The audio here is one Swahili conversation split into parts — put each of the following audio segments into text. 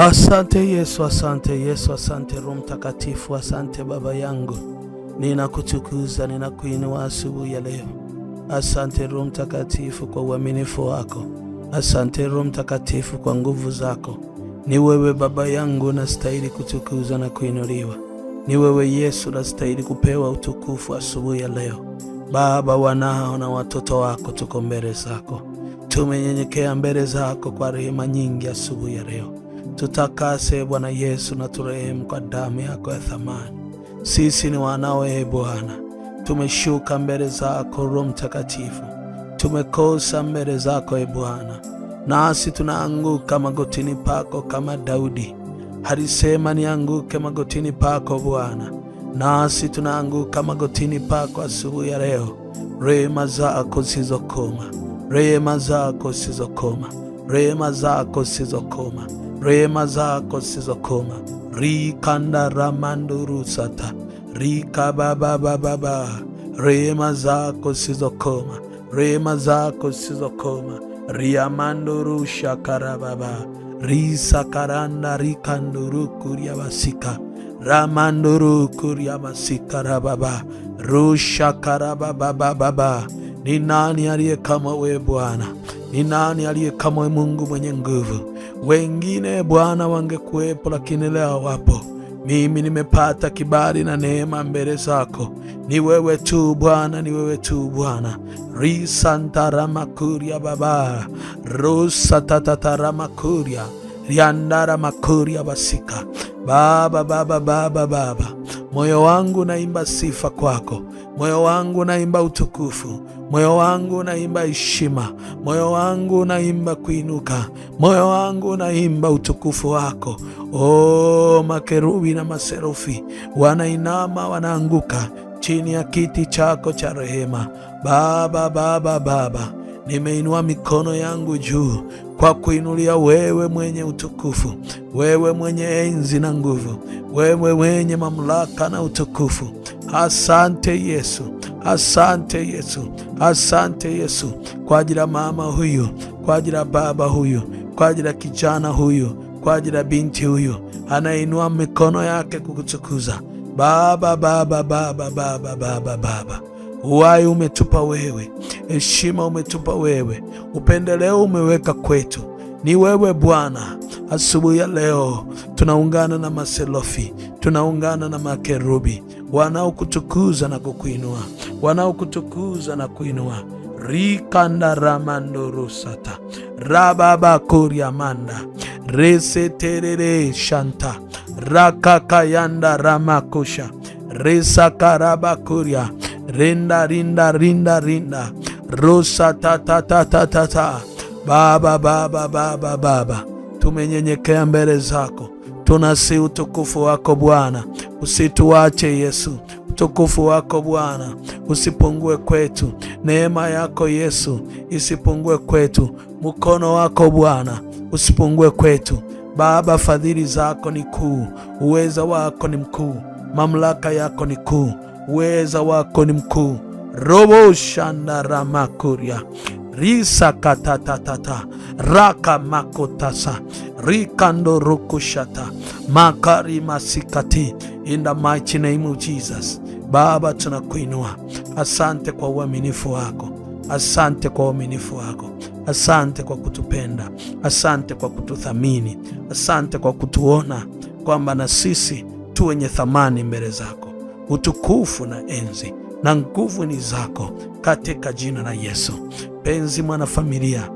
Asante Yesu, asante Yesu, asante Roho Mtakatifu, asante Baba yangu, ninakutukuza, ninakuinua asubuhi ya leo. Asante Roho Mtakatifu kwa uaminifu wako, asante Roho Mtakatifu kwa nguvu zako. Ni wewe Baba yangu nastahili kutukuzwa na kuinuliwa, ni wewe Yesu nastahili kupewa utukufu asubuhi ya leo. Baba, wanao na watoto wako tuko mbele zako, tumenyenyekea mbele zako kwa rehema nyingi asubuhi ya leo Tutakase Bwana Yesu na turehemu kwa damu yako ya thamani. Sisi ni wanawe, e Bwana, tumeshuka mbele zako, Roho Mtakatifu, tumekosa mbele zako, e Bwana, nasi tunaanguka magotini pako kama Daudi alisema, nianguke magotini pako Bwana, nasi tunaanguka magotini pako asubuhi ya leo. Rehema zako zisizokoma, rehema zako zisizokoma, rehema zako zisizokoma rehema zako zisizokoma rikanda ramandurusata rikababababa rehema zako zisizokoma rehema zako zisizokoma riamandurushakarababa risakaranda rikandurukuriabasika ramandurukuriabasikarababa rushakarababababa ni nani aliye kama we Bwana? Ni nani aliye kama Mungu mwenye nguvu? Wengine Bwana wangekuwepo, lakini leo hawapo. Mimi nimepata kibali na neema mbele zako. Ni wewe tu Bwana, ni wewe tu Bwana. risantaramakuria baba riandara makuria basika baba baba baba baba, moyo wangu naimba sifa kwako Moyo wangu unaimba utukufu, moyo wangu unaimba heshima, moyo wangu unaimba kuinuka, moyo wangu unaimba utukufu wako. O, makerubi na maserufi wanainama, wanaanguka chini ya kiti chako cha rehema. Baba, Baba, Baba, nimeinua mikono yangu juu kwa kuinulia wewe mwenye utukufu, wewe mwenye enzi na nguvu, wewe mwenye mamlaka na utukufu. Asante Yesu, asante Yesu, asante Yesu kwa ajili ya mama huyu, kwa ajili ya baba huyu, kwa ajili ya kijana huyu, kwa ajili ya binti huyu anainua mikono yake kukutukuza Baba, Baba, Baba, Baba, Baba, Baba, Baba. Uhai umetupa wewe, heshima umetupa wewe, upendeleo umeweka kwetu. Ni wewe Bwana. Asubuhi ya leo tunaungana na maselofi, tunaungana na makerubi wanaokutukuza na kukuinua, wanaokutukuza na kuinua rikandaramandorosata rababakoriamanda reseterere shanta rakakayanda ramakosha resakarabakoria rinda rinda rinda rinda rosa ta ta ta ta ta ta Baba Baba Baba Baba, tumenyenyekea mbele zako, tunasi utukufu wako Bwana, usituache Yesu utukufu wako Bwana usipungue kwetu, neema yako Yesu isipungue kwetu, mkono wako Bwana usipungue kwetu. Baba, fadhili zako ni kuu, uweza wako ni mkuu, mamlaka yako ni kuu uweza wako ni mkuu. robo shanda ramakuria risa katatata raka makotasa rikando rokoshata makari masikati. inda the Jesus. Baba, tunakuinua. Asante kwa uaminifu wako, asante kwa uaminifu wako, asante kwa kutupenda, asante kwa kututhamini, asante kwa kutuona kwamba na sisi tu wenye thamani mbele zako utukufu na enzi na nguvu ni zako, katika jina la Yesu. Penzi mwanafamilia,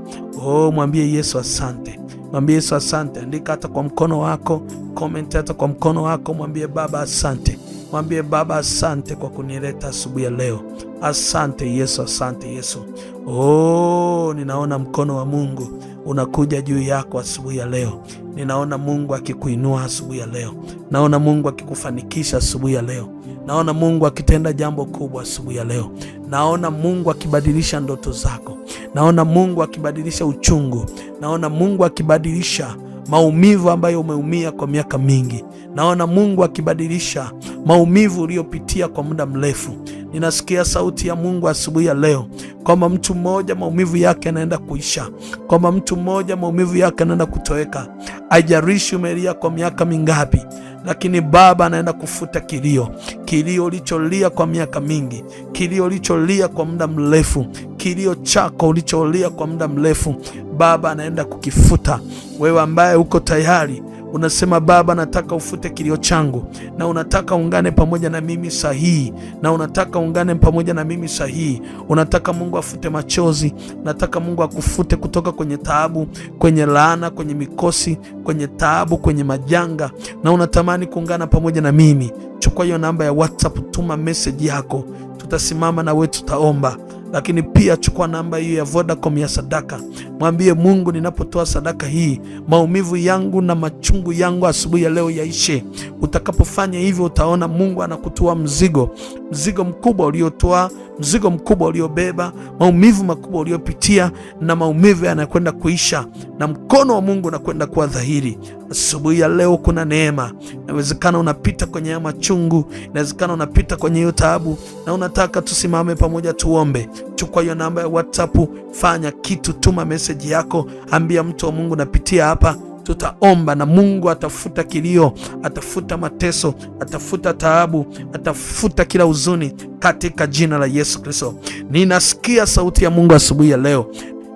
oh, mwambie Yesu asante, mwambie Yesu asante. Andika hata kwa mkono wako, komenti hata kwa mkono wako, mwambie Baba asante, mwambie Baba asante kwa kunileta asubuhi ya leo. Asante Yesu, asante Yesu. Oh, ninaona mkono wa Mungu unakuja juu yako asubuhi ya leo. Ninaona Mungu akikuinua asubuhi ya leo, naona Mungu akikufanikisha asubuhi ya leo. Naona Mungu akitenda jambo kubwa asubuhi ya leo. Naona Mungu akibadilisha ndoto zako. Naona Mungu akibadilisha uchungu. Naona Mungu akibadilisha maumivu ambayo umeumia kwa miaka mingi. Naona Mungu akibadilisha maumivu uliyopitia kwa muda mrefu. Ninasikia sauti ya Mungu asubuhi ya leo kwamba mtu mmoja maumivu yake anaenda kuisha, kwamba mtu mmoja maumivu yake anaenda kutoweka. Haijalishi umelia kwa miaka mingapi, lakini Baba anaenda kufuta kilio, kilio ulicholia kwa miaka mingi, kilio ulicholia kwa muda mrefu, kilio chako ulicholia kwa muda mrefu, Baba anaenda kukifuta. Wewe ambaye uko tayari Unasema Baba, nataka ufute kilio changu, na unataka ungane pamoja na mimi sahihi, na unataka ungane pamoja na mimi sahihi. Unataka Mungu afute machozi, nataka Mungu akufute kutoka kwenye taabu, kwenye laana, kwenye mikosi, kwenye taabu, kwenye majanga, na unatamani kuungana pamoja na mimi. Chukua hiyo namba ya WhatsApp, tuma meseji yako, tutasimama na wewe, tutaomba lakini pia chukua namba hiyo ya Vodacom ya sadaka, mwambie Mungu, ninapotoa sadaka hii maumivu yangu na machungu yangu asubuhi ya leo yaishe. Utakapofanya hivyo, utaona Mungu anakutua mzigo mzigo mkubwa uliotoa, mzigo mkubwa uliobeba, maumivu makubwa uliopitia, na maumivu yanakwenda kuisha na mkono wa Mungu unakwenda kuwa dhahiri. Asubuhi ya leo kuna neema. Inawezekana unapita kwenye ya machungu, inawezekana unapita kwenye hiyo taabu, na unataka tusimame pamoja tuombe. Chukua hiyo namba ya WhatsApp, fanya kitu, tuma meseji yako, ambia mtu wa Mungu napitia hapa, tutaomba na Mungu atafuta kilio, atafuta mateso, atafuta taabu, atafuta kila huzuni katika jina la Yesu Kristo. Ninasikia sauti ya Mungu asubuhi ya leo,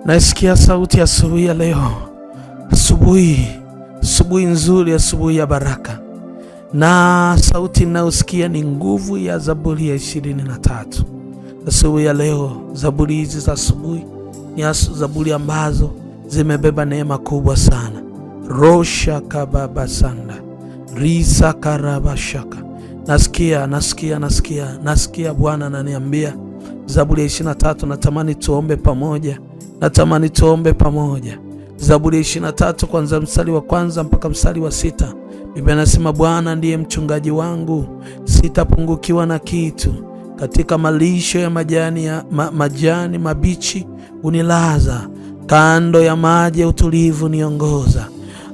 nasikia sauti ya asubuhi ya leo, asubuhi asubuhi nzuri, asubuhi ya baraka, na sauti ninayosikia ni nguvu ya Zaburi ya ishirini na tatu asubuhi ya leo. Zaburi hizi za asubuhi ni zaburi ambazo zimebeba neema kubwa sana rosha kababasanda risa karabashaka. Nasikia, nasikia, nasikia, nasikia Bwana ananiambia Zaburi ya 23. Natamani tuombe pamoja, natamani tuombe pamoja. Zaburi ya tatu kwanza mstari wa kwanza mpaka mstari wa sita. Biblia nasema Bwana ndiye mchungaji wangu, sitapungukiwa na kitu. Katika malisho ya majani, ya, ma, majani mabichi unilaza, kando ya maji ya utulivu niongoza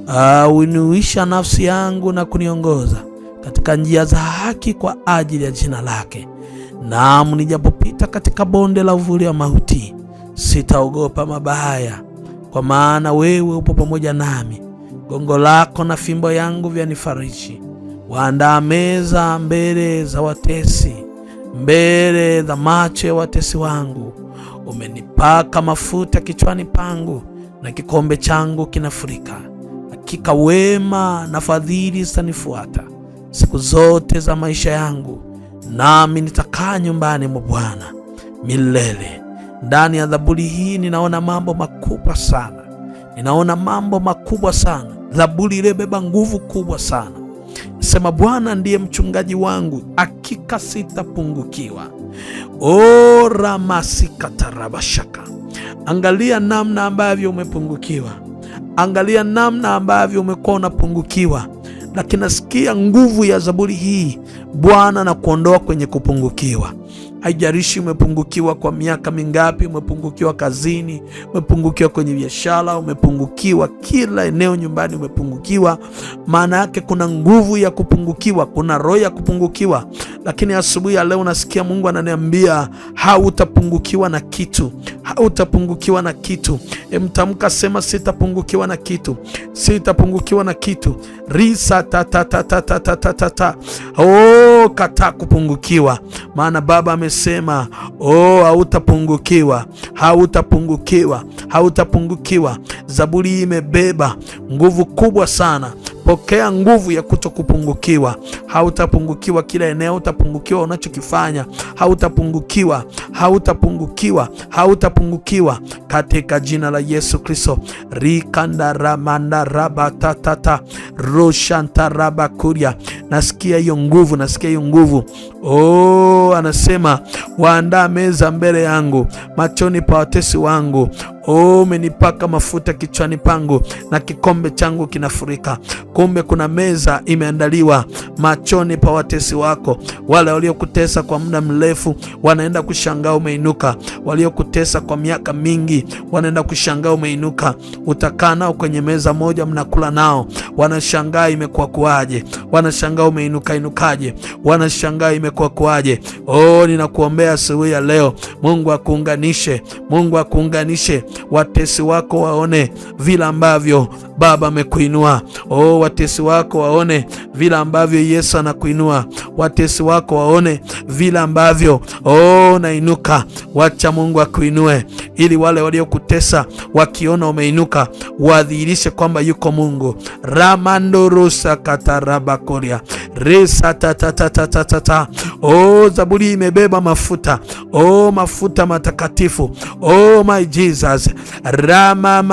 Ah, uinuisha nafsi yangu na kuniongoza katika njia za haki kwa ajili ya jina lake. Naam, nijapopita katika bonde la uvuli wa mauti, sitaogopa mabaya, kwa maana wewe upo pamoja nami. Gongo lako na fimbo yangu vyanifariji. Waandaa meza mbele za watesi, mbele za macho ya watesi wangu. Umenipaka mafuta kichwani pangu, na kikombe changu kinafurika hakika wema na fadhili zitanifuata siku zote za maisha yangu, nami nitakaa nyumbani mwa Bwana milele. Ndani ya Zaburi hii ninaona mambo makubwa sana, ninaona mambo makubwa sana. Zaburi iliyobeba nguvu kubwa sana sema, Bwana ndiye mchungaji wangu, hakika sitapungukiwa. ora masikatarabashaka. Angalia namna ambavyo umepungukiwa Angalia namna ambavyo umekuwa unapungukiwa, lakini nasikia nguvu ya zaburi hii, Bwana na kuondoa kwenye kupungukiwa. haijarishi umepungukiwa kwa miaka mingapi, umepungukiwa kazini, umepungukiwa kwenye biashara, umepungukiwa kila eneo, nyumbani umepungukiwa. Maana yake kuna nguvu ya kupungukiwa, kuna roho ya kupungukiwa lakini asubuhi ya leo nasikia Mungu ananiambia hautapungukiwa na kitu, hautapungukiwa na kitu. Emtamka sema, sitapungukiwa na kitu, sitapungukiwa na kitu. risa ta ta ta ta ta ta ta ta oh, kataa kupungukiwa, maana Baba amesema oh, hautapungukiwa, hautapungukiwa, hautapungukiwa. Zaburi imebeba nguvu kubwa sana. Pokea nguvu ya kuto kupungukiwa. Hautapungukiwa kila eneo, utapungukiwa unachokifanya, hautapungukiwa, hautapungukiwa, hautapungukiwa katika jina la Yesu Kristo. raba kuria. Nasikia hiyo nguvu, nasikia hiyo nguvu. Oh, anasema waandaa meza mbele yangu machoni pa watesi wangu. Oh, mafuta kichwani pangu na kikombe changu kinafurika kumbe kuna meza imeandaliwa machoni pa watesi wako. Wale waliokutesa kwa muda mrefu wanaenda kushangaa umeinuka, waliokutesa kwa miaka mingi wanaenda kushangaa umeinuka. Utakaa nao kwenye meza moja, mnakula nao, wanashangaa imekuwa kuaje, wanashangaa umeinuka inukaje, wanashangaa imekuwa kuaje. Oh, ninakuombea asubuhi ya leo, Mungu akuunganishe, Mungu akuunganishe, watesi wako waone vile ambavyo Baba amekuinua oh, watesi wako waone vile ambavyo Yesu anakuinua, watesi wako waone vile ambavyo oh, nainuka. Wacha Mungu akuinue, ili wale waliokutesa wakiona umeinuka wadhihirishe kwamba yuko Mungu. ramandorusa katarabakoria resa tatatatata Oh, Zaburi imebeba mafuta. Oh, mafuta matakatifu. Oh my Jesus. Rama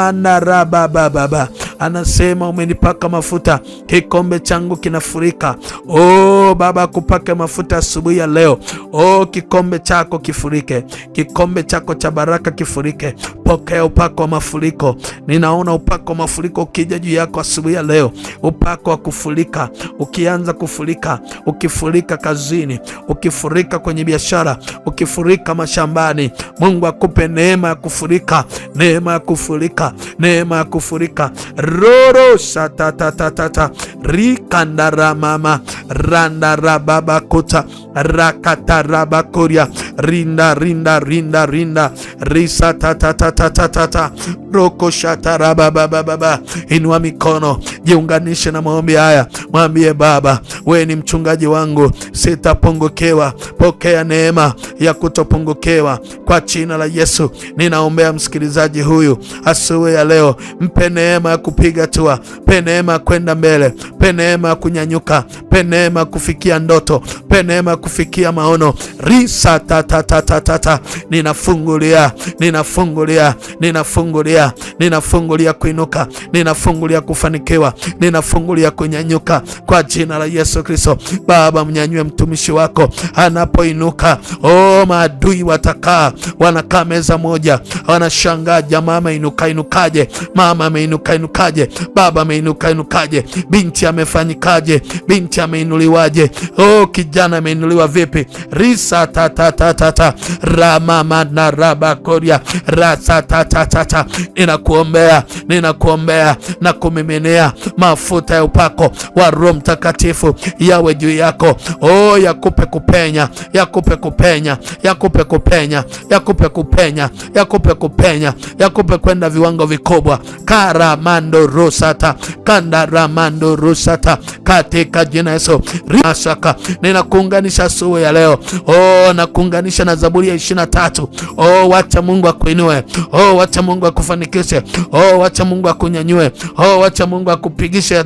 baba anasema umenipaka mafuta, kikombe changu kinafurika. Oh Baba, kupake mafuta asubuhi ya leo. Oh, kikombe chako kifurike, kikombe chako cha baraka kifurike. Pokea upako wa mafuriko. Ninaona upako wa mafuriko ukija juu yako asubuhi ya leo, upako wa kufurika, ukianza kufurika, ukifurika kazini ukifurika kwenye biashara, ukifurika mashambani. Mungu akupe neema ya kufurika, neema ya kufurika, neema ya kufurika roro shatatatata rikandaramama randarababakota rakatarabakoria rinda rinda rinda rinda risa ta roko shatarababababa. Inua mikono, jiunganishe na maombi haya, mwambie Baba, we ni mchungaji wangu, sitapungukiwa. Pokea neema ya kutopungukiwa kwa jina la Yesu. Ninaombea msikilizaji huyu asubuhi ya leo, mpe neema ya kupiga tua mpe neema ya kwenda mbele, mpe neema ya kunyanyuka, mpe neema ya kufikia ndoto, mpe neema ya kufikia maono risa ta ta ninafungulia, ninafungulia, ninafungulia, ninafungulia kuinuka, ninafungulia kufanikiwa, ninafungulia kunyanyuka kwa jina la Yesu Kristo. Baba, mnyanyue mtumishi wako anapoinuka. Oh, maadui watakaa, wanakaa meza moja, wanashangaa jamaa ameinuka inukaje, mama ameinuka inukaje, baba ameinuka inukaje, binti amefanyikaje, binti ameinuliwaje, oh, kijana ameinuliwa vipi? risa tatatata rasatatata ramamana rabakoria rasatatata. Ninakuombea, ninakuombea na kumiminea mafuta ya upako wa Roho Mtakatifu yawe juu yako. Oh, yakupe kupenya, yakupe kupenya, yakupe kupenya, yakupe kupenya, yakupe kupenya, yakupe kwenda viwango vikubwa. karamando rusata kanda ramando rusata katika jina Yesu. Ninakuunganisha suu ya leo oh, nakuunganisha kulinganisha na Zaburi ya ishirini na tatu. Oh, wacha Mungu akuinue. Oh, wacha Mungu akufanikishe. Oh, wacha Mungu akunyanyue. Oh, wacha Mungu akupigishe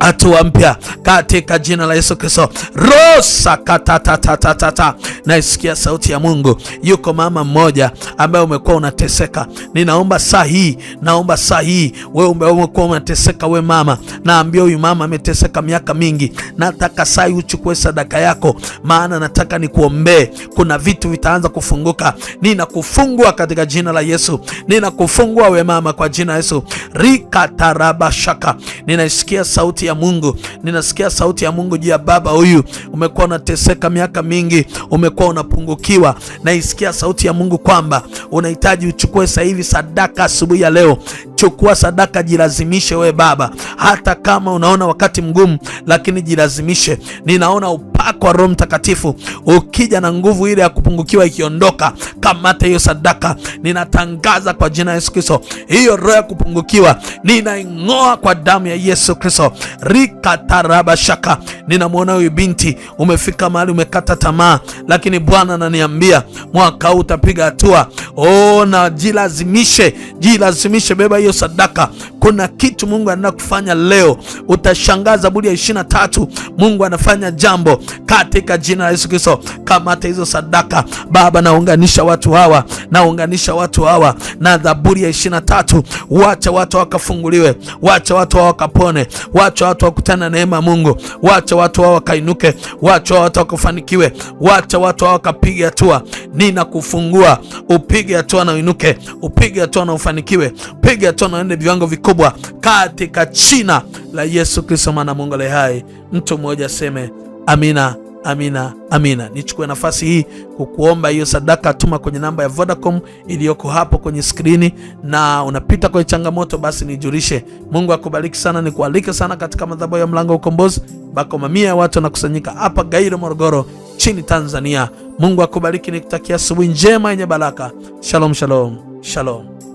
hatua mpya katika jina la Yesu Kristo. rosa katatatatata, naisikia sauti ya Mungu. Yuko mama mmoja ambaye umekuwa unateseka, ninaomba saa hii, naomba saa hii, we umekuwa unateseka, we mama, naambia huyu mama ameteseka miaka mingi, nataka saa hii uchukue sadaka yako, maana nataka nikuombee. Kuna vitu vitaanza kufunguka, ninakufungua katika jina la Yesu, ninakufungua we mama, kwa jina la Yesu. rikatarabashaka ninaisikia sauti ya Mungu, ninasikia sauti ya Mungu juu ya baba huyu. Umekuwa unateseka miaka mingi, umekuwa unapungukiwa, naisikia sauti ya Mungu kwamba unahitaji uchukue sasa hivi sadaka asubuhi ya leo. Chukua sadaka, jilazimishe we baba, hata kama unaona wakati mgumu, lakini jilazimishe. Ninaona kupakwa Roho Mtakatifu, ukija na nguvu ile ya kupungukiwa ikiondoka, kamata hiyo sadaka. Ninatangaza kwa jina Yesu Kristo, hiyo roho ya kupungukiwa ninaing'oa kwa damu ya Yesu Kristo. rikataraba shaka. Ninamwona huyu binti, umefika mahali umekata tamaa, lakini Bwana ananiambia mwaka huu utapiga hatua. Oh, na jilazimishe, jilazimishe, beba hiyo sadaka. Kuna kitu Mungu anakufanya kufanya leo, utashangaa. Zaburi ya ishirini na tatu, Mungu anafanya jambo katika jina la Yesu Kristo. Kamata hizo sadaka Baba, naunganisha watu hawa, naunganisha watu hawa na Zaburi ya ishirini na tatu. Wacha watu wakafunguliwe, wacha watu hawa wakapone, wacha watu wakutana neema Mungu, wacha watu hawa wakainuke, wacha watu wakafanikiwe, wacha watu hawa wakapiga hatua. kufungua upige hatua na uinuke, upige hatua na ufanikiwe, upige hatua na uende viwango vikubwa katika jina la Yesu Kristo, maana Mungu aliye hai. Mtu mmoja aseme Amina, amina, amina. Nichukue nafasi hii kukuomba hiyo sadaka, tuma kwenye namba ya Vodacom iliyoko hapo kwenye skrini, na unapita kwenye changamoto, basi nijulishe. Mungu akubariki sana, nikualike sana katika madhabahu ya Mlango wa Ukombozi bako mamia ya watu wanakusanyika hapa Gairo, Morogoro chini Tanzania. Mungu akubariki, nikutakia asubuhi njema yenye baraka. Shalom, shalom, shalom.